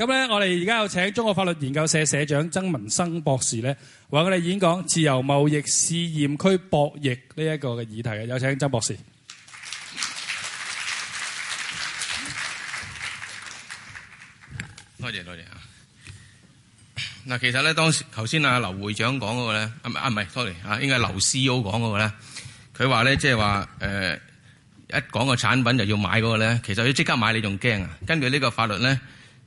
咁咧，我哋而家有請中國法律研究社社，社長曾文生博士咧，為我哋演講《自由貿易試驗區博弈》呢一個嘅議題嘅。有請曾博士。多謝多謝啊！嗱，其實咧，當時頭先阿劉會長講嗰個咧，唔唔係，sorry 啊，啊，應該係劉 CEO 講嗰個咧。佢話咧，即係話誒一講個產品就要買嗰個咧，其實要即刻買你仲驚啊？根據呢個法律咧。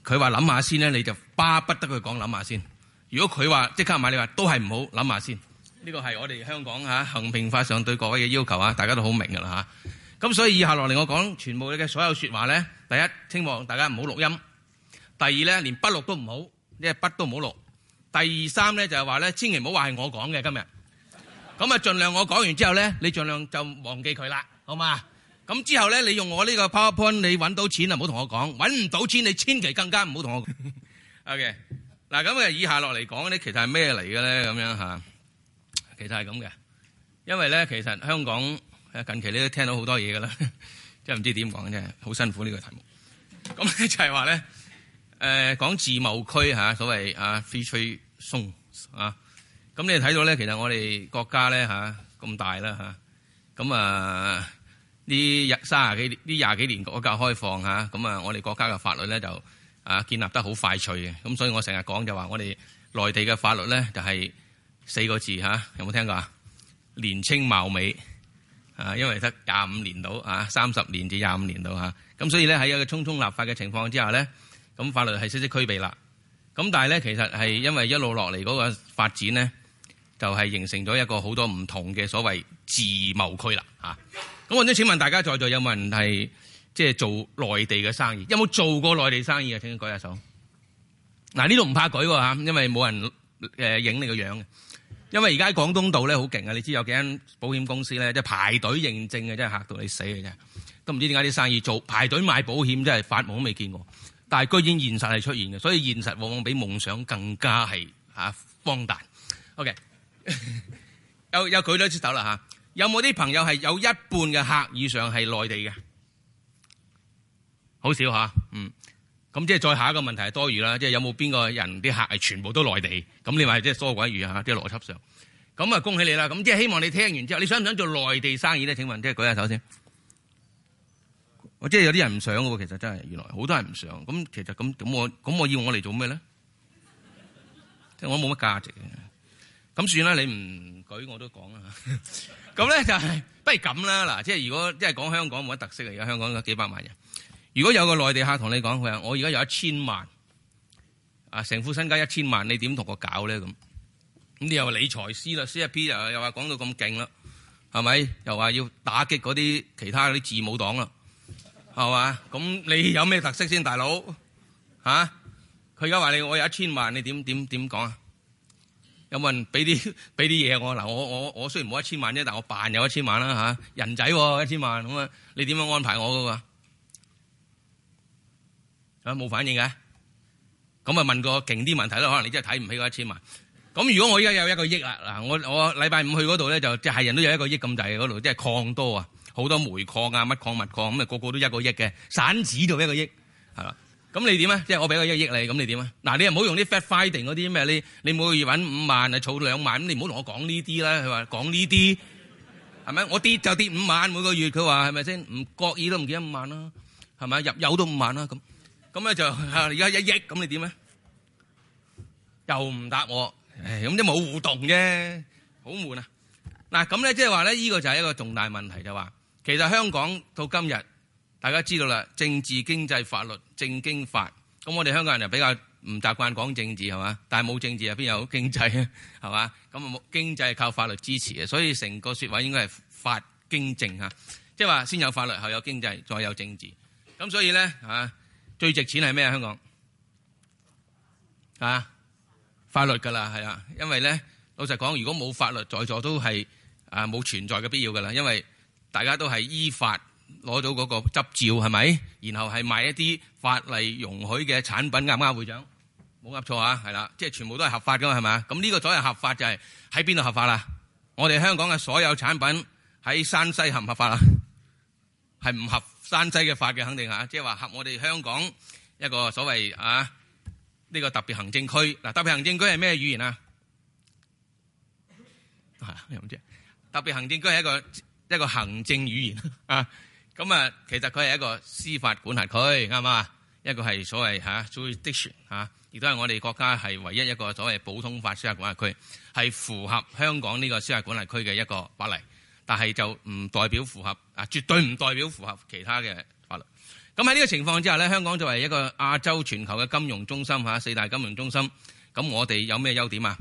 佢話諗下先咧，你就巴不得佢講諗下先。如果佢話即刻買，你話都係唔好諗下先。呢個係我哋香港嚇行評法上對各位嘅要求啊，大家都好明㗎啦嚇。咁所以以下落嚟我講全部你嘅所有說話咧，第一，希望大家唔好錄音；第二咧，連筆錄都唔好，呢係筆都唔好錄。第三咧就係話咧，千祈唔好話係我講嘅今日。咁啊，盡量我講完之後咧，你盡量就忘記佢啦，好嘛？咁之後咧，你用我呢個 PowerPoint，你揾到錢啊唔好同我講；揾唔到錢，你千祈更加唔好同我講。OK 嗱，咁嘅以下落嚟講咧，其實係咩嚟嘅咧？咁樣嚇，其實係咁嘅，因為咧，其實香港近期你都聽到好多嘢㗎喇，即係唔知點講啫，好辛苦呢個題目。咁咧就係話咧，誒講自貿區嚇，所謂啊飛吹鬆啊，咁你睇到咧，其實我哋國家咧嚇咁大啦嚇，咁啊。呢廿三廿幾呢廿幾年國家開放嚇咁啊，我哋國家嘅法律咧就啊建立得好快脆嘅。咁所以我成日講就話，我哋內地嘅法律咧就係、是、四個字嚇、啊，有冇聽過啊？年青貌美啊，因為得廿五年到啊，三十年至廿五年到嚇。咁、啊、所以咧喺一個匆匆立法嘅情況之下咧，咁法律係息息俱備啦。咁但係咧，其實係因為一路落嚟嗰個發展咧，就係、是、形成咗一個好多唔同嘅所謂自貿區啦嚇。啊咁啊！請問大家在座有冇人係即係做內地嘅生意？有冇做過內地生意啊？請你舉下手。嗱，呢度唔怕舉喎嚇，因為冇人誒影你個樣嘅。因為而家喺廣東度咧好勁啊！你知有幾間保險公司咧即係排隊認證嘅，真係嚇到你死嘅啫。都唔知點解啲生意做排隊買保險，真係發夢都未見過。但係居然現實係出現嘅，所以現實往往比夢想更加係嚇荒誕。OK， 有有舉兩隻手啦嚇。啊有冇啲朋友係有一半嘅客以上係內地嘅？好少吓，啊，嗯。咁即係再下一個問題係多餘啦。即係有冇邊個人啲客係全部都內地？咁你話即係疏鬼語吓？即係邏輯上。咁啊，恭喜你啦！咁即係希望你聽完之後，你想唔想做內地生意咧？請問，即係舉下手先。我即係有啲人唔想嘅喎，其實真係，原來好多人唔想。咁其實咁咁我咁我要我嚟做咩咧？即係我冇乜價值嘅。咁算啦，你唔舉我都講啦。 咁咧就係、是、不如咁啦嗱，即係如果即係講香港冇乜特色，而家香港有幾百萬人，如果有個內地客同你講佢話，我而家有一千萬，啊，成副身家一千萬，你點同我搞咧咁？咁你又話理財師啦，CFP 又又話講到咁勁啦，係咪？又話要打擊嗰啲其他嗰啲字母黨啦，係嘛？咁你有咩特色先，大佬？嚇、啊？佢而家話你我有一千萬，你點點點講啊？有冇人俾啲俾啲嘢我嗱？我我我雖然冇一千萬啫，但係我扮有一千萬啦嚇，人仔喎一千萬咁啊！你點樣安排我噶？啊冇反應嘅，咁啊問個勁啲問題啦，可能你真係睇唔起嗰一千萬。咁如果我而家有一個億啦，嗱我我禮拜五去嗰度咧，就即係人都有一個億咁滯嗰度，即係礦多啊，好多煤礦啊，乜礦物礦咁啊，個個都一個億嘅，散紙都一個億，係啦。咁你點啊？即係我俾個一億你，你，你，咁你點啊？嗱，你又唔好用啲 fat fighting 嗰啲咩？你你每個月揾五萬，啊儲兩萬，你唔好同我講呢啲啦。佢話講呢啲係咪？我跌就跌五萬每個月，佢話係咪先？唔覺意都唔記得五萬啦，係咪入油都五萬啦？咁咁咧就而家一億，咁你點咧？又唔答我？咁即冇互動啫，好悶啊！嗱，咁咧即係話咧，呢、呢個就係一個重大問題，就話、是、其實香港到今日。大家知道啦，政治、經濟、法律，政經法。咁我哋香港人就比較唔習慣講政治係嘛？但係冇政治又邊有經濟啊？係嘛？咁啊冇經濟係靠法律支持嘅，所以成個說話應該係法經政，即係話先有法律，後有經濟，再有政治。咁所以咧，啊，最值錢係咩啊？香港，法律㗎啦，係啊，因為咧老實講，如果冇法律在座都係啊冇存在嘅必要㗎啦，因為大家都係依法。攞到嗰個執照係咪？然後係賣一啲法例容許嘅產品啱唔啱？會長冇噏錯啊，係啦，即係全部都係合法嘅嘛，係咪？咁呢個所謂合法就係喺邊度合法啦？我哋香港嘅所有產品喺山西合唔合法啊？係唔合山西嘅法嘅肯定嚇，即係話合我哋香港一個所謂啊呢個特別行政區嗱，特別行政區係咩語言啊？又唔知特別行政區係一個一個行政語言啊？咁啊，其實佢係一個司法管轄區，啱啊？一個係所謂嚇 jurisdiction 嚇，亦都係我哋國家係唯一一個所謂普通法司法管轄區，係符合香港呢個司法管轄區嘅一個法例，但係就唔代表符合啊，絕對唔代表符合其他嘅法律。咁喺呢個情況之下咧，香港作為一個亞洲全球嘅金融中心嚇，四大金融中心，咁我哋有咩優點啊？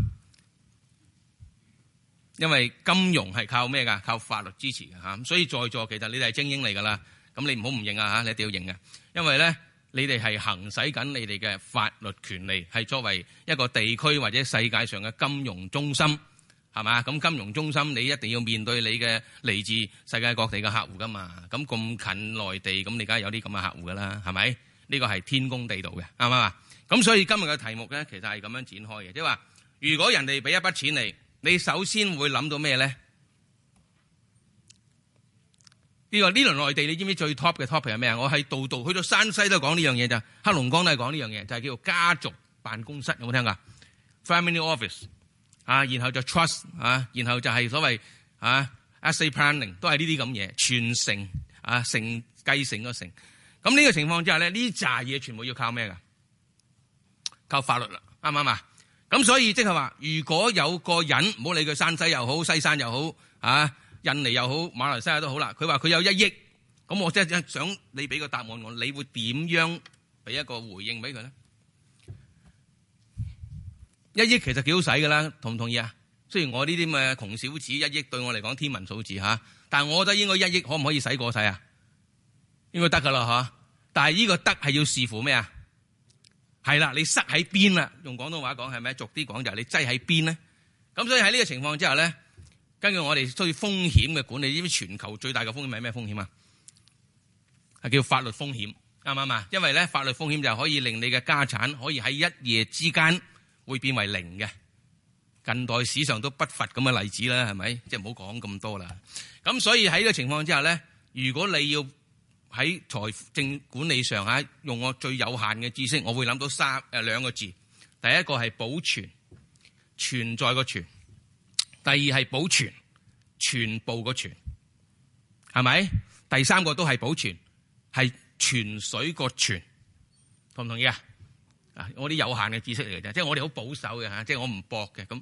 因為金融係靠咩㗎？靠法律支持嘅嚇，所以在座其實你哋係精英嚟㗎啦。咁你唔好唔認啊嚇，你一定要認嘅。因為咧，你哋係行使緊你哋嘅法律權利，係作為一個地區或者世界上嘅金融中心，係嘛？咁金融中心你一定要面對你嘅嚟自世界各地嘅客戶㗎嘛。咁咁近內地，咁你梗係有啲咁嘅客戶㗎啦，係咪？呢個係天公地道嘅，啱嘛？咁所以今日嘅題目咧，其實係咁樣展開嘅，即係話如果人哋俾一筆錢你。你首先會諗到咩咧？呢、個呢輪內地你知唔知最 top 嘅 topic 係咩啊？我喺度度去到山西都講講呢樣嘢，就黑龍江都係講呢樣嘢，就係、係、叫做家族辦公室有冇聽過？Family office 啊，然後就 trust 啊，然後就係所謂啊 asset planning 都係呢啲咁嘢，傳承，啊承繼承個承。咁呢個情況之下咧，呢扎嘢全部要靠咩㗎？靠法律啦，啱唔啱啊？咁所以即係話，如果有個人唔好理佢山西又好，西山又好，啊，印尼又好，馬來西亞都好啦，佢話佢有一億，咁我即係想你俾個答案我，你會點樣俾一個回應俾佢咧？一億其實幾好使噶啦，同唔同意啊？雖然我呢啲咁嘅窮小子，一億對我嚟講天文數字吓，但係我覺得應該一億可唔可以使過晒啊？應該得噶啦，吓，但係呢個得係要視乎咩啊？係啦，你塞喺邊啦？用廣東話講係咪？逐啲講就係你擠喺邊咧？咁所以喺呢個情況之下咧，根據我哋需要風險嘅管理，呢啲全球最大嘅風險係咩風險啊？係叫法律風險，啱唔啱啊？因為咧法律風險就可以令你嘅家產可以喺一夜之間會變為零嘅。近代史上都不乏咁嘅例子啦，係咪？即係唔好講咁多啦。咁所以喺呢個情況之下咧，如果你要，喺財政管理上喺用我最有限嘅知識，我會諗到三誒兩個字。第一個係保存，存在個存；第二係保存，全部個存，係咪？第三個都係保存，係泉水個泉，同唔同意啊？啊，我啲有限嘅知識嚟嘅，啫，即係我哋好保守嘅嚇，即係我唔搏嘅咁。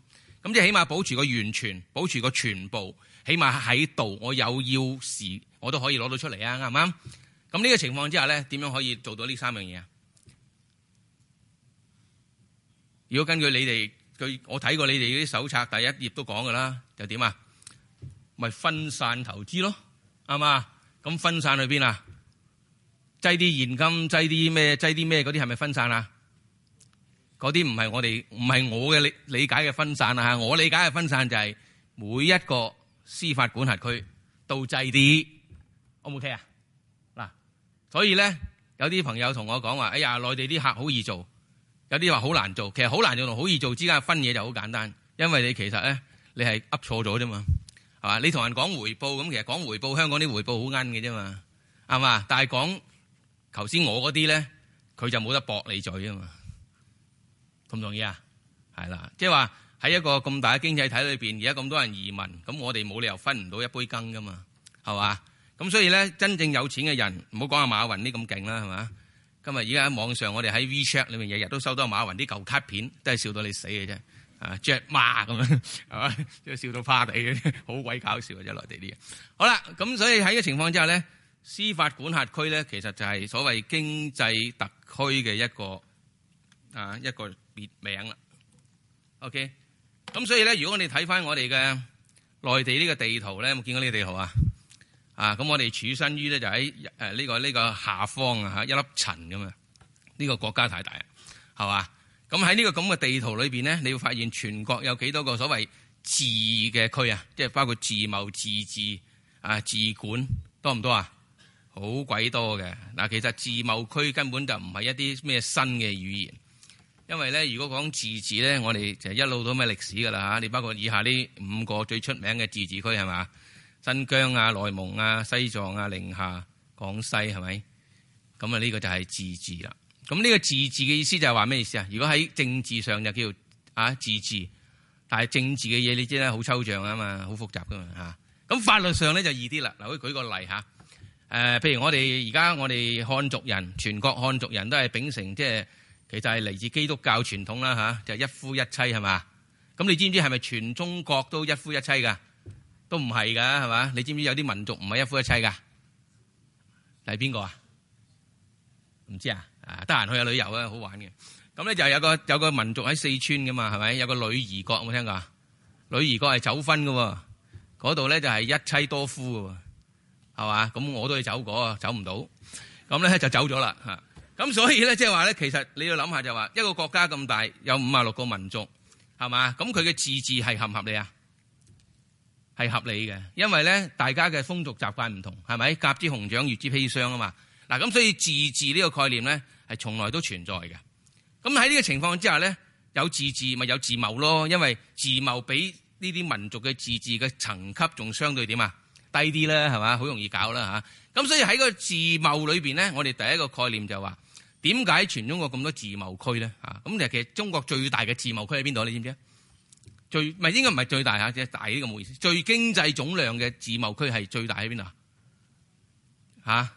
咁即係起碼保持個完全，保持個全部。起碼喺度，我有要事，我都可以攞到出嚟啊，啱唔啱？咁呢個情況之下咧，點樣可以做到呢三樣嘢啊？如果根據你哋，佢我睇過你哋嗰啲手冊，第一頁都講噶啦，就點啊？咪分散投資咯，啱啱？咁分散去邊啊？擠啲現金，擠啲咩？擠啲咩，嗰啲係咪分散啊？嗰啲唔係我哋唔係我嘅理理解嘅分散啊吓。我理解嘅分散就係每一個。司法管轄區，倒制啲，O 唔 OK 啊？嗱，所以咧，有啲朋友同我講話，哎呀，內地啲客好易做，有啲話好難做。其實好難做同好易做之間分嘢就好簡單，因為你其實咧，你係噏錯咗啫嘛，係嘛？你同人講回報咁，其實講回報，香港啲回報好奀嘅啫嘛，係嘛？但係講頭先我嗰啲咧，佢就冇得駁你嘴啊嘛，同唔同意啊？係啦，即係話。喺一個咁大嘅經濟體裏邊，而家咁多人移民，咁我哋冇理由分唔到一杯羹噶嘛，係嘛？咁所以咧，真正有錢嘅人，唔好講阿馬雲啲咁勁啦，係嘛？今日而家喺網上我，我哋喺 WeChat 裏面日日都收到馬雲啲舊卡片，都係笑到你死嘅啫，啊，Jack Ma 咁樣，係嘛？即係笑到趴地嘅，好鬼搞笑嘅啫，內地啲嘢。好啦，咁所以喺呢個情況之下咧，司法管轄區咧，其實就係所謂經濟特區嘅一個啊一個別名啦。OK。咁所以咧，如果你睇翻我哋嘅內地呢個地圖咧，有冇見過呢個地圖啊？啊，咁我哋處身於咧就喺呢、這個呢、這個下方啊，嚇一粒塵咁啊。呢、這個國家太大啦，係嘛？咁喺呢個咁嘅地圖裏面咧，你會發現全國有幾多個所謂自嘅區啊？即係包括自貿、自治、啊、自管，多唔多啊？好鬼多嘅。嗱，其實自貿區根本就唔係一啲咩新嘅語言。因為咧，如果講自治咧，我哋就一路到咩歷史㗎啦嚇！你包括以下呢五個最出名嘅自治區係嘛？新疆啊、內蒙啊、西藏啊、寧夏、廣西係咪？咁啊，呢、這個就係自治啦。咁、這、呢個自治嘅意思就係話咩意思啊？如果喺政治上就叫做啊自治，但係政治嘅嘢你知啦，好抽象啊嘛，好複雜㗎嘛嚇。咁法律上咧就易啲啦。嗱，可以舉個例嚇。誒、呃，譬如我哋而家我哋漢族人，全國漢族人都係秉承即係。其實係嚟自基督教傳統啦吓，就是、一夫一妻係嘛？咁你知唔知係咪全中國都一夫一妻㗎？都唔係㗎係嘛？你知唔知道有啲民族唔係一夫一妻㗎？係邊個啊？唔知道啊？啊，得閒去下旅遊啊，好玩嘅。咁咧就有個有個民族喺四川㗎嘛，係咪？有個女兒國有冇聽過？女兒國係走婚㗎喎，嗰度咧就係一妻多夫㗎喎，係嘛？咁我都去走過，走唔到。咁咧就走咗啦嚇。咁所以咧，即係話咧，其實你要諗下就話一個國家咁大，有五十六個民族，係嘛？咁佢嘅自治係合唔合理啊？係合理嘅，因為咧大家嘅風俗習慣唔同，係咪？甲之熊掌，乙之砒霜啊嘛。嗱，咁所以自治呢個概念咧係從來都存在嘅。咁喺呢個情況之下咧，有自治咪、就是、有自貿咯，因為自貿比呢啲民族嘅自治嘅層級仲相對點啊低啲啦，係嘛？好容易搞啦吓。咁所以喺個自貿裏面咧，我哋第一個概念就話。點解全中國咁多自貿區咧？吓，咁其實，其實中國最大嘅自貿區喺邊度？你知唔知啊？最唔係，應該唔係最大吓，即係大呢個冇意思。最經濟總量嘅自貿區係最大喺邊度啊？吓，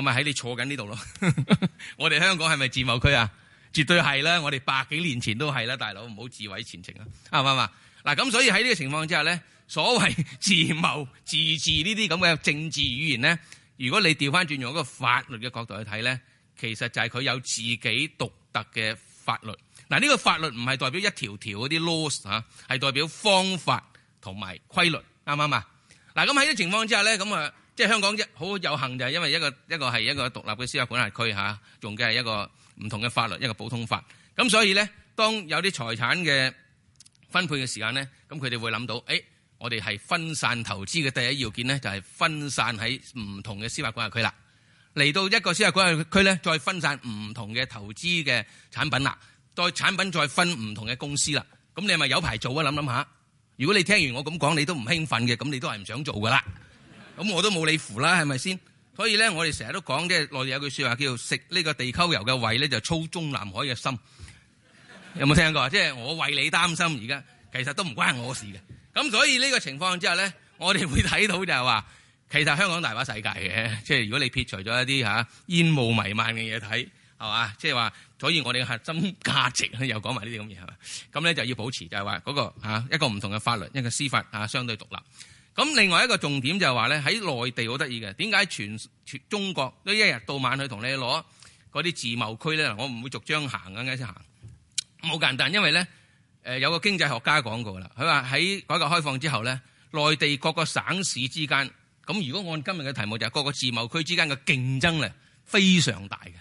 咁咪喺你坐緊呢度咯。 我哋香港係咪自貿區啊？絕對係啦，我哋百幾年前都係啦，大佬唔好自毀前程啊，啱唔啱啊？嗱，咁所以喺呢個情況之下咧，所謂自貿自治呢啲咁嘅政治語言咧，如果你調翻轉用一個法律嘅角度去睇咧，其實就係佢有自己獨特嘅法律，嗱、這、呢個法律唔係代表一條條嗰啲 loss 吓，係代表方法同埋規律，啱唔啱啊？嗱咁喺呢情況之下咧，咁啊即係香港一好有幸就係因為一個一個係一個獨立嘅司法管轄區嚇，用嘅係一個唔同嘅法律，一個普通法，咁所以咧，當有啲財產嘅分配嘅時間咧，咁佢哋會諗到，誒、哎、我哋係分散投資嘅第一要件咧，就係、是、分散喺唔同嘅司法管轄區啦。嚟到一個資產管理區咧，再分散唔同嘅投資嘅產品啦，再產品再分唔同嘅公司啦。咁你係咪有排做啊？諗諗下。如果你聽完我咁講，你都唔興奮嘅，咁你都係唔想做㗎啦。咁我都冇你扶啦，係咪先？所以咧，我哋成日都講，即係內地有句說話叫，叫做食呢個地溝油嘅胃咧，就操中南海嘅心。有冇聽過啊？即係我為你擔心，而家其實都唔關我事嘅。咁所以呢個情況之下咧，我哋會睇到就係話。其實香港大把世界嘅，即係如果你撇除咗一啲嚇、啊、煙霧迷漫嘅嘢睇，係嘛？即係話，所以我哋嘅核心價值又講埋呢啲咁嘢係嘛？咁咧就要保持就係話嗰個、啊、一個唔同嘅法律，一個司法啊相對獨立。咁另外一個重點就係話咧喺內地好得意嘅，點解全全中國都一日到晚去同你攞嗰啲自貿區咧？我唔會逐章行嘅，一先行好簡單，因為咧有個經濟學家講過啦，佢話喺改革開放之後咧，內地各個省市之間。咁如果按今日嘅題目，就係各個自貿區之間嘅競爭咧，非常大嘅，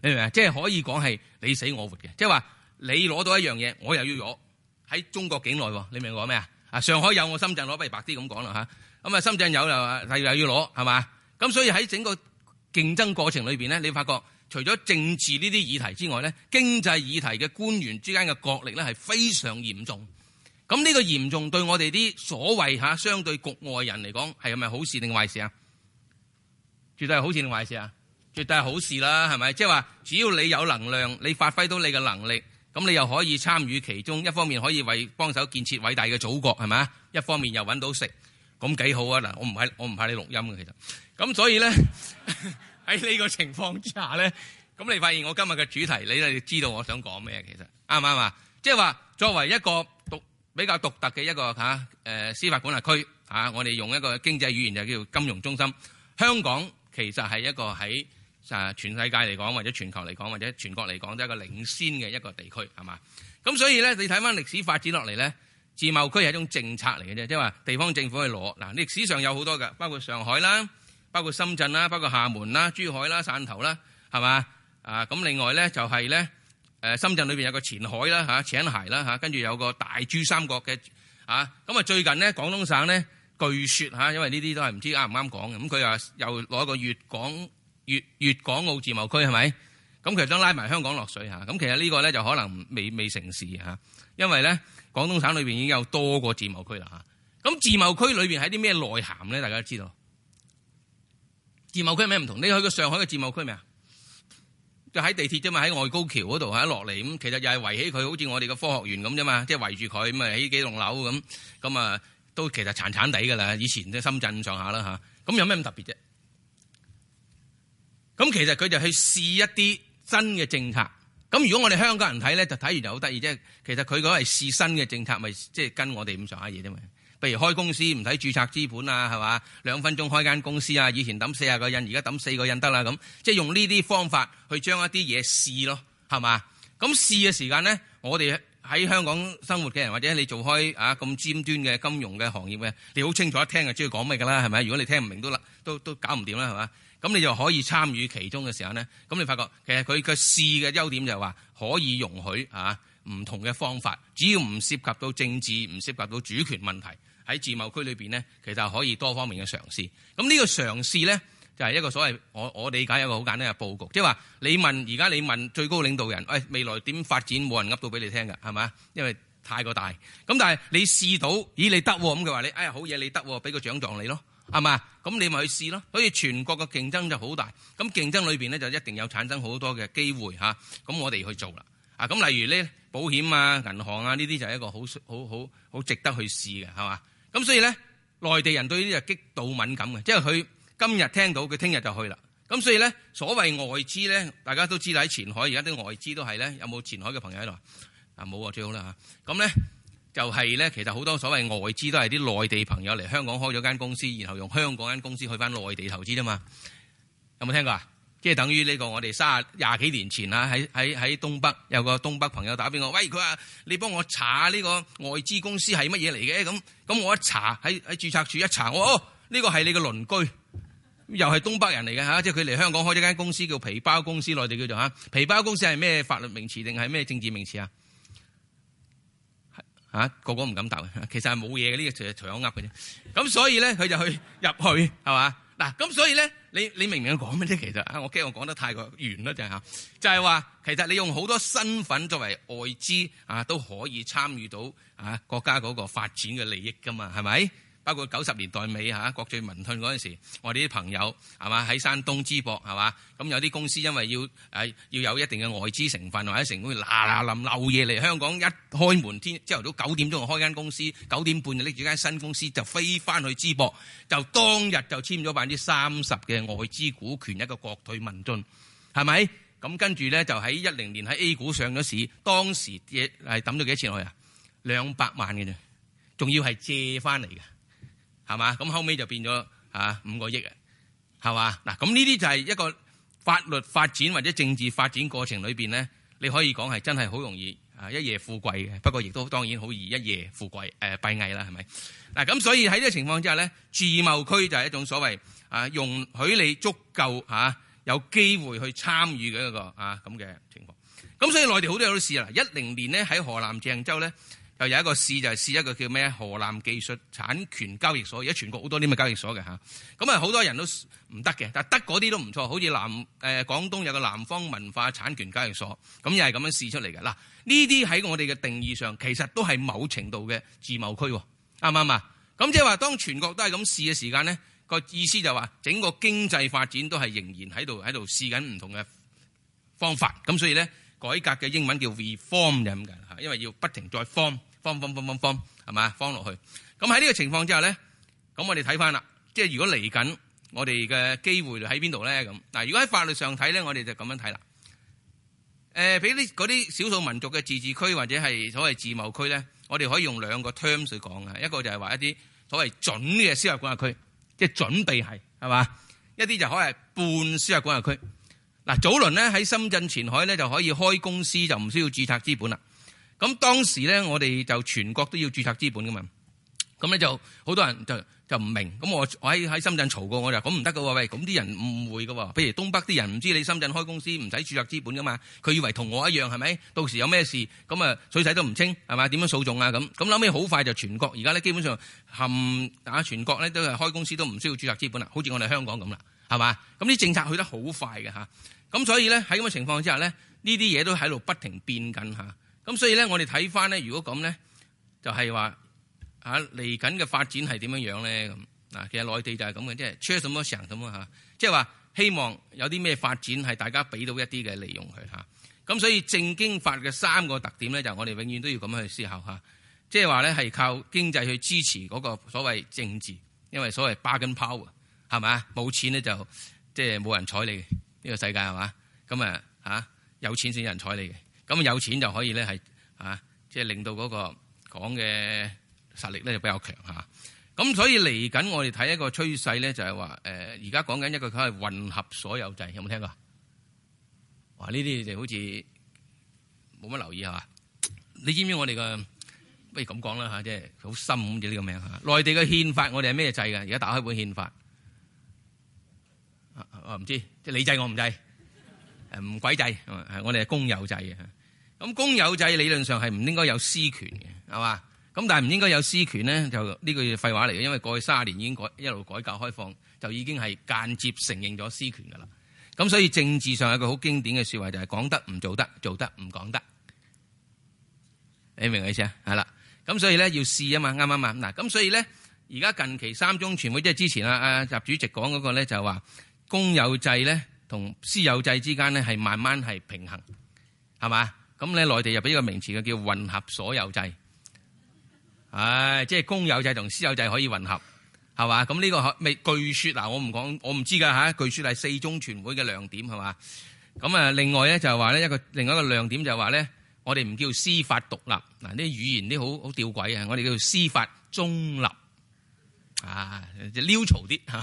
你明唔明啊？即係可以講係你死我活嘅，即係話你攞到一樣嘢，我又要攞喺中國境內喎，你明唔明我咩啊？啊，上海有我，深圳攞，不如白啲咁講啦嚇。咁啊，深圳有又又要攞，係嘛？咁所以喺整個競爭過程裏面咧，你發覺除咗政治呢啲議題之外咧，經濟議題嘅官員之間嘅角力咧，係非常嚴重。咁、這、呢個嚴重對我哋啲所謂嚇相對局外人嚟講，係咪好事定壞事啊？絕對係好事定壞事啊？絕對係好事啦，係咪？即係話，只要你有能量，你發揮到你嘅能力，咁你又可以參與其中，一方面可以為幫手建設偉大嘅祖國，係咪啊？一方面又揾到食，咁幾好啊！嗱，我唔怕我唔怕你錄音嘅其實，咁所以咧喺呢 個情況之下咧，咁你發現我今日嘅主題，你哋知道我想講咩其實啱唔啱啊？即係話作為一個。比較獨特嘅一個嚇，誒司法管轄區嚇，我哋用一個經濟語言就叫做金融中心。香港其實係一個喺啊全世界嚟講，或者全球嚟講，或者全國嚟講都係一個領先嘅一個地區，係嘛？咁所以咧，你睇翻歷史發展落嚟咧，自貿區係一種政策嚟嘅啫，即係話地方政府去攞嗱。歷史上有好多㗎，包括上海啦，包括深圳啦，包括廈門啦、珠海啦、汕頭啦，係嘛？啊咁，另外咧就係咧。誒深圳裏面有個前海啦嚇，前鞋啦跟住有個大珠三角嘅啊，咁啊最近呢，廣東省呢，據説因為呢啲都係唔知啱唔啱講咁佢又又攞個粵港粵粵港澳自貿區係咪？咁、嗯、其實都拉埋香港落水咁、啊、其實呢個呢，就可能未未成事嚇、啊，因為呢，廣東省裏面已經有多個自貿區啦嚇，咁自貿區裏面係啲咩內涵呢？大家都知道自貿區有咩唔同？你去過上海嘅自貿區未啊？就喺地鐵啫嘛，喺外高橋嗰度，喺落嚟咁，其實又係圍起佢，好似我哋嘅科學園咁啫嘛，即係圍住佢，咁啊起幾棟樓咁，咁啊都其實殘殘地㗎啦，以前即係深圳咁上下啦吓，咁啊有咩咁特別啫？咁其實佢就去試一啲新嘅政策，咁如果我哋香港人睇咧，就睇完就好得意啫，即係其實佢嗰係試新嘅政策，咪即係跟我哋咁上下嘢啫嘛。譬如開公司唔使註冊資本啊，係嘛？兩分鐘開間公司啊，以前抌四十個印，而家抌四個印得啦咁，即係用呢啲方法去將一啲嘢試咯，係嘛？咁試嘅時間呢，我哋喺香港生活嘅人，或者你做開啊咁尖端嘅金融嘅行業嘅，你好清楚一聽就知佢講乜嘅啦，係咪？如果你聽唔明都啦，都都搞唔掂啦，係嘛？咁你就可以參與其中嘅時候呢，咁你發覺其實佢嘅試嘅優點就係話可以容許啊唔同嘅方法，只要唔涉及到政治，唔涉及到主權問題。喺自貿區裏面咧，其實可以多方面嘅嘗試。咁呢個嘗試咧，就係、是、一個所謂我我理解一個好簡單嘅佈局，即係話你問而家你問最高領導人，哎、未來點發展冇人噏到俾你聽㗎，係咪？因為太過大。咁但係你試到，咦你得喎？咁佢話你，哎呀，好嘢你得喎，俾個獎狀你咯，係咪？咁你咪去試咯。所以全國嘅競爭就好大。咁競爭裏面咧就一定有產生好多嘅機會吓，咁、啊、我哋去做啦。啊咁，例如呢保險啊、銀行啊呢啲就係一個好好好好值得去試嘅，係嘛？咁所以咧，內地人對呢啲就極度敏感嘅，即係佢今日聽到，佢聽日就去啦。咁所以咧，所謂外資咧，大家都知道喺前海，而家啲外資都係咧，有冇前海嘅朋友喺度？啊冇啊，最好啦嚇。咁咧就係咧，其實好多所謂外資都係啲內地朋友嚟香港開咗間公司，然後用香港間公司去翻內地投資啫嘛。有冇聽過啊？即係等於呢個我三十，我哋卅廿幾年前啦，喺喺喺東北有個東北朋友打俾我，喂，佢話你幫我查下呢個外資公司係乜嘢嚟嘅？咁咁我一查喺喺註冊處一查，我哦，呢、呢個係你嘅鄰居，又係東北人嚟嘅、啊、即係佢嚟香港開咗間公司叫皮包公司，內地叫做嚇、啊、皮包公司係咩法律名詞定係咩政治名詞啊？吓，個個唔敢答，其實係冇嘢嘅呢，其實隨口噏嘅啫。咁所以咧，佢就去 入去係嘛？嗱、啊，咁所以咧，你你明唔明我講咩啫？其實啊，我驚我講得太過圓啦，就係嚇，就係話，其實你用好多身份作為外資啊，都可以參與到啊國家嗰個發展嘅利益噶嘛，係咪？包括九十年代尾吓、啊，國退民進嗰陣時，我哋啲朋友係嘛喺山東淄博係嘛咁有啲公司因為要、啊、要有一定嘅外資成分或者成會嗱嗱臨漏嘢嚟香港一開門天朝頭早九點鐘就開間公司九點半就拎住間新公司就飛翻去淄博，就當日就簽咗百分之三十嘅外資股權一個國退民進係咪咁跟住咧就喺一零年喺 A 股上咗市，當時嘢係抌咗幾多錢落去啊兩百萬嘅啫，仲要係借翻嚟嘅。係嘛？咁後尾就變咗啊，五個億啊，係嘛？嗱，咁呢啲就係一個法律發展或者政治發展過程裏邊咧，你可以講係真係好容易啊一夜富貴嘅。不過亦都當然好易一夜富貴誒閉翳啦，係、呃、咪？嗱，咁所以喺呢個情況之下咧，自貿區就係一種所謂啊容許你足夠嚇、啊、有機會去參與嘅一個啊咁嘅情況。咁所以內地好多有啲事啦，一零年咧喺河南鄭州咧。又有一個試，就係、是、試一個叫咩？河南技術產權交易所，而家全國好多呢啲交易所嘅嚇。咁啊，好多人都唔得嘅，但係得嗰啲都唔錯。好似南誒、呃、廣東有個南方文化產權交易所，咁又係咁樣試出嚟嘅。嗱，呢啲喺我哋嘅定義上，其實都係某程度嘅自貿區，啱唔啱啊？咁即係話，當全國都係咁試嘅時間咧，個意思就話整個經濟發展都係仍然喺度喺度試緊唔同嘅方法。咁所以咧，改革嘅英文叫 reform 就咁解啦，嚇，因為要不停再 form。放放放放放，係嘛？放落去。咁喺呢個情況之下咧，咁我哋睇翻啦，即係如果嚟緊，我哋嘅機會喺邊度咧？咁嗱，如果喺法律上睇咧，我哋就咁樣睇啦。誒，俾啲嗰啲少數民族嘅自治區或者係所謂自貿區咧，我哋可以用兩個 term 去講嘅，一個就係話一啲所謂準嘅司法管轄區，即係準備係，係嘛？一啲就可係半司法管轄區。嗱，早輪咧喺深圳前海咧就可以開公司就唔需要註冊資本啦。咁當時咧，我哋就全國都要註冊資本噶嘛。咁咧就好多人就就唔明。咁我我喺喺深圳嘈過，我就講唔得噶喎。喂，咁啲人誤會噶，譬如東北啲人唔知你深圳開公司唔使註冊資本噶嘛，佢以為同我一樣係咪？到時有咩事咁啊，水洗都唔清係咪？點樣訴訟啊咁咁？諗起好快就全國而家咧，基本上冚唪唥全國咧都係開公司都唔需要註冊資本啦，好似我哋香港咁啦，係嘛？咁啲政策去得好快嘅嚇。咁所以咧喺咁嘅情況之下咧，呢啲嘢都喺度不停變緊嚇。咁所以咧，我哋睇翻咧，如果咁咧，就係話嚇嚟緊嘅發展係點樣樣咧咁嗱。其實內地就係咁嘅，即係 c h o o s 什麼城咁啊嚇。即係話希望有啲咩發展係大家俾到一啲嘅利用佢嚇。咁、啊、所以政經法嘅三個特點咧，就是、我哋永遠都要咁樣去思考下。即係話咧係靠經濟去支持嗰個所謂政治，因為所謂 bargain power 係咪啊？冇錢咧就即係冇人睬你嘅呢、呢個世界係嘛？咁啊嚇有錢先有人睬你嘅。咁有錢就可以咧係啊，即、就、係、是、令到嗰個講嘅實力咧就比較強嚇。咁、啊、所以嚟緊我哋睇一個趨勢咧，就係、是呃、話誒而家講緊一個佢係混合所有制，有冇聽過？哇！呢啲就好似冇乜留意嚇、啊。你知唔知我哋嘅？不如咁講啦嚇，即係好深嘅呢個名嚇。內、啊、地嘅憲法我哋係咩制㗎？而家打開本憲法，我、啊、唔、啊、知即、就是、你制我唔制。唔鬼制，我哋係公有制嘅。咁公有制理論上係唔應該有私權嘅，係嘛？咁但係唔應該有私權咧，就呢句廢話嚟嘅。因為過去三十年已經改一路改革開放，就已經係間接承認咗私權噶啦。咁所以政治上有一個好經典嘅説話，就係，就係講得唔做得，做得唔講得。你明我意思啊？係啦。咁所以咧要試啊嘛，啱啱啊？嗱，咁所以咧而家近期三中全會，即係之前啊啊習主席講嗰個咧，就話公有制咧。同私有制之間咧係慢慢係平衡，係嘛？咁咧內地又俾一個名詞嘅叫混合所有制，啊，即係公有制同私有制可以混合，係嘛？咁呢個未據說嗱，我唔講，我唔知㗎嚇。據說係、啊、四中全會嘅亮點係嘛？咁啊，另外咧就係話呢一個另外一個亮點就係話咧，我哋唔叫司法獨立，嗱、啊、啲語言啲好好吊詭啊！我哋叫司法中立，啊，就撩嘈啲嚇，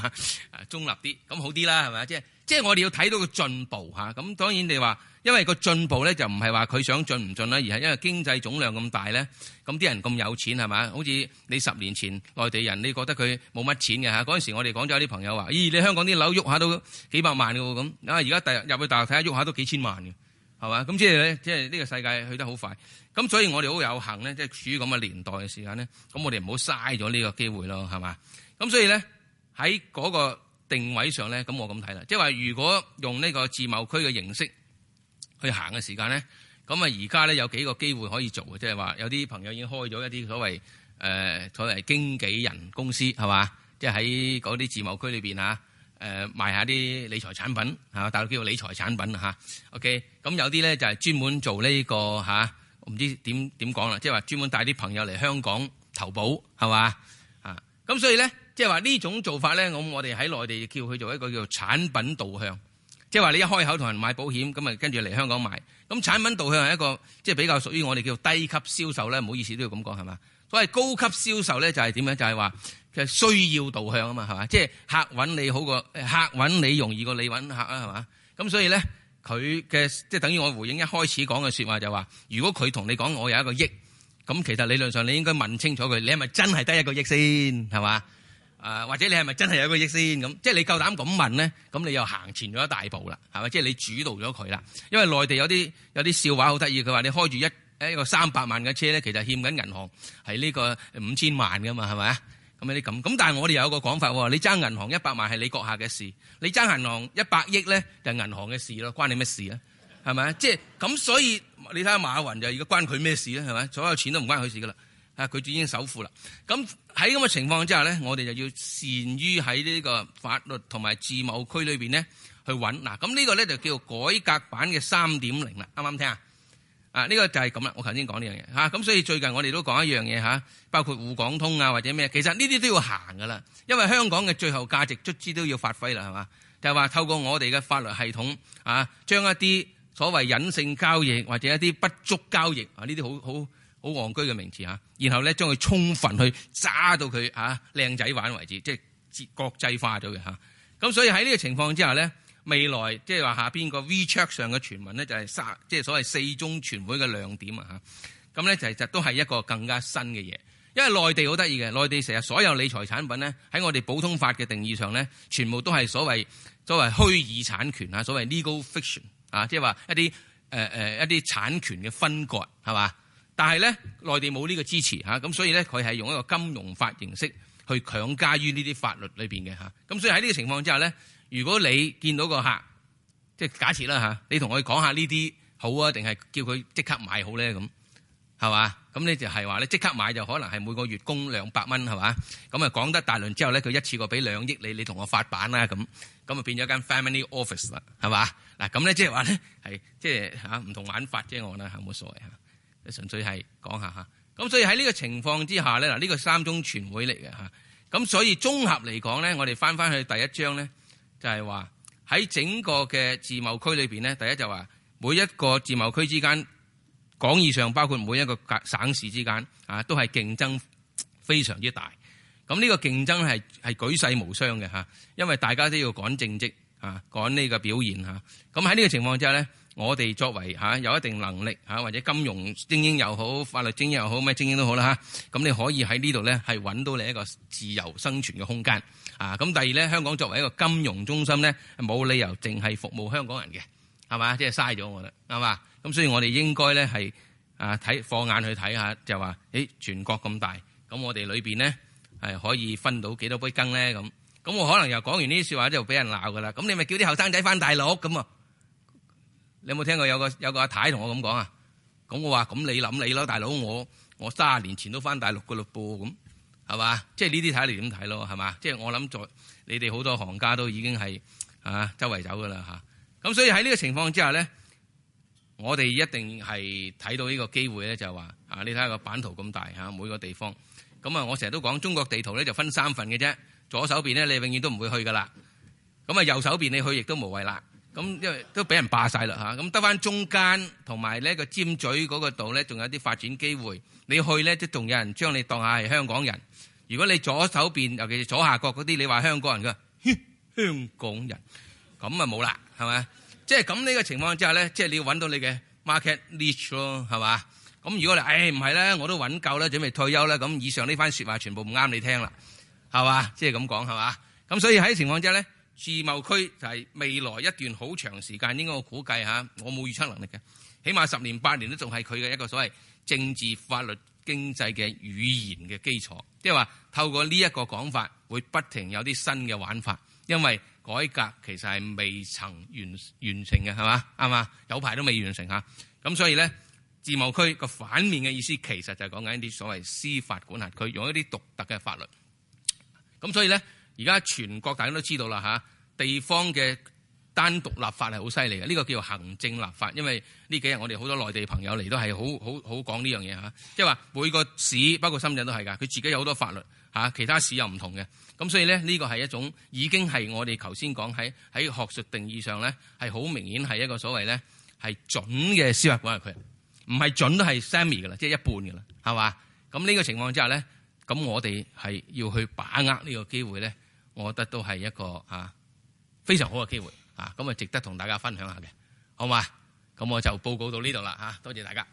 啊，中立啲咁好啲啦，係咪啊？即係。即係我哋要睇到個進步嚇，咁當然你話，因為個進步咧就唔係話佢想進唔進啦，而係因為經濟總量咁大咧，咁啲人咁有錢係嘛？好似你十年前內地人，你覺得佢冇乜錢嘅嚇，嗰陣時我哋廣州啲朋友話：咦、哎，你香港啲樓喐下都幾百萬嘅喎，咁啊而家第日入去大陸睇下，喐下都幾千萬嘅，係嘛？咁即係咧，即係呢個世界去得好快。咁所以我哋好有幸咧，即係處於咁嘅年代嘅時間咧，咁我哋唔好嘥咗呢個機會咯，係嘛？咁所以咧喺嗰個。定位上呢，咁我咁睇啦，即係話，如果用呢個自貿區嘅形式去行嘅時間呢，咁啊而家呢，有幾個機會可以做嘅，即係話，有啲朋友已經開咗一啲所謂，呃,所謂經紀人公司，係嘛，即係喺嗰啲自貿區裏面，呃,賣下啲理財產品，大陸叫做理財產品，okay，咁有啲呢，就係專門做呢個，唔知點，點講啦，即係話，專門帶啲朋友嚟香港投保，係嘛，咁所以呢，即係話呢種做法咧，咁我哋喺內地叫佢做一個叫做產品導向。即係話你一開口同人買保險，咁咪跟住嚟香港買。咁產品導向係一個即係比較屬於我哋叫低級銷售咧，唔好意思都要咁講係嘛。所謂高級銷售咧，就係點樣？就係話其實需要導向啊嘛，係嘛？即係客揾你好過客揾你容易過你揾客啊，係嘛？咁所以咧，佢嘅即係等於我回應一開始講嘅説話就係話，是，如果佢同你講我有一個億，咁其實理論上你應該問清楚佢，你係咪真係得一個億先係嘛？啊，或者你係咪真係有個億先咁？即係你夠膽咁問咧，咁你又行前咗一大步啦，係咪？即係你主導咗佢啦。因為內地有啲有啲笑話好得意，佢話你開住一一個三百萬嘅車咧，其實欠緊銀行係呢個五千萬嘅嘛，係咪啊？咁有啲咁，咁但係我哋有一個講法喎，你爭銀行一百萬係你閣下嘅事，你爭銀行一百億咧就係銀行嘅事咯，關你咩事啊？係咪啊？即係咁，所以你睇下馬雲就如果關佢咩事咧？係咪？所有錢都唔關佢事噶啦。啊！佢已經首富啦。咁喺咁嘅情況之下咧，我哋就要善於喺呢個法律同埋自貿區裏邊咧去揾嗱。咁呢個咧就叫做改革版嘅三點零啦。啱啱聽啊？啊，呢個就係咁啦。我頭先講呢樣嘢嚇。咁所以最近我哋都講一樣嘢嚇，包括滬港通啊或者咩，其實呢啲都要行噶啦。因為香港嘅最後價值卒之都要發揮啦，係嘛？就係話透過我哋嘅法律系統啊，將一啲所謂隱性交易或者一啲不足交易啊，呢啲好好。好憨居嘅名詞，然後咧將佢充分去揸到佢靚、啊、仔玩為止，即係節國際化咗嘅。咁所以喺呢個情況之下咧，未來即係話下邊個 WeChat 上嘅傳聞咧，就係、是、即所謂四中全會嘅亮點啊。咁咧就是、都係一個更加新嘅嘢，因為內地好得意嘅，內地成日所有理財產品咧，喺我哋普通法嘅定義上咧，全部都係所謂所謂虛擬產權啊，所謂 legal fiction 啊，即係話一啲、呃呃、一啲產權嘅分割係嘛。但係咧，內地冇呢個支持，咁所以咧佢係用一個金融法形式去強加於呢啲法律裏面嘅。咁所以喺呢個情況之下咧，如果你見到個客，即係假設啦，你同佢講下呢啲好啊，定係叫佢即刻買好咧咁係嘛？咁你就係話呢，即刻買就可能係每個月供兩百蚊係嘛？咁啊講得大輪之後咧，佢一次過俾兩億你，你同我發版啦，咁咁啊變咗間 family office 啦係嘛嗱？咁咧即係話咧係即係嚇唔同玩法啫，我覺得冇所謂。純粹係講下嚇，咁所以喺呢個情況之下咧，嗱、這、呢個三中全會嚟嘅嚇，咁所以綜合嚟講咧，我哋翻翻去第一章咧，就係話喺整個嘅自貿區裏邊咧，第一就話每一個自貿區之間，廣義上包括每一個省市之間啊，都係競爭非常之大，咁、這、呢個競爭係係舉世無雙嘅嚇，因為大家都要講政績。啊，講呢個表現嚇，咁喺呢個情況之下咧，我哋作為嚇有一定能力嚇，或者金融精英又好，法律精英又好，咩精英都好啦嚇，咁你可以喺呢度咧係揾到你一個自由生存嘅空間啊。咁第二咧，香港作為一個金融中心咧，冇理由淨係服務香港人嘅，係嘛？即係嘥咗我啦，係嘛？咁所以我哋應該咧係啊，睇放眼去睇下，就話誒全國咁大，咁我哋裏邊咧係可以分到幾多杯羹咧咁。咁我可能又講完呢啲説話之後，俾人鬧噶啦。咁你咪叫啲後生仔翻大陸咁啊？你有冇聽過有個有個阿太同我咁講啊？咁我話：咁你諗你咯，大佬，我我卅年前都翻大陸噶啦噃，咁係嘛？即係呢啲睇你點睇咯，係嘛？即係我諗在你哋好多行家都已經係啊周圍走噶啦嚇。咁、啊、所以喺呢個情況之下咧，我哋一定係睇到呢個機會咧，就係話啊，你睇下個版圖咁大嚇、啊，每個地方咁啊，我成日都講中國地圖咧就分三份嘅啫。左手邊咧，你永遠都唔會去噶啦。咁啊，右手邊你去亦都無謂啦。咁因為都俾人霸曬啦嚇。咁得翻中間同埋呢個尖嘴嗰個度咧，仲有啲發展機會。你去咧，即係仲有人將你當下係香港人。如果你左手邊，尤其是左下角嗰啲，你話香港人嘅，香港人咁啊冇啦，係咪啊？即係咁呢個情況之下咧，即係你要揾到你嘅 market niche 咯，係嘛？咁如果你誒唔係咧，我都揾夠啦，準備退休啦。咁以上呢番説話全部唔啱你聽啦。係嘛，即係咁講，係嘛，咁所以喺情況之下咧，自貿區就係未來一段好長時間，應該我估計吓，我冇預測能力嘅，起碼十年八年都仲係佢嘅一個所謂政治、法律、經濟嘅語言嘅基礎，即係話透過呢一個講法，會不停有啲新嘅玩法，因為改革其實係未曾完完成嘅，係嘛，啱嘛，有排都未完成吓。咁所以咧，自貿區個反面嘅意思，其實就係講緊一啲所謂司法管轄區用一啲獨特嘅法律。咁所以咧，而家全國大家都知道啦嚇，地方嘅單獨立法係好犀利嘅，呢個叫行政立法。因為呢幾日我哋好多內地朋友嚟都係好好好講呢樣嘢嚇，即係話每個市包括深圳都係㗎，佢自己有好多法律嚇，其他市又唔同嘅。咁所以咧，呢個係一種已經係我哋頭先講喺喺學術定義上咧，係好明顯係一個所謂咧係準嘅司法管轄權，唔係準都係 semi 㗎啦，即係一半㗎啦，係嘛？咁呢個情況之下咧。咁我哋係要去把握呢個機會咧，我覺得都係一個啊非常好嘅機會啊，咁啊值得同大家分享下嘅，好嘛？咁我就報告到呢度啦吓，多謝大家。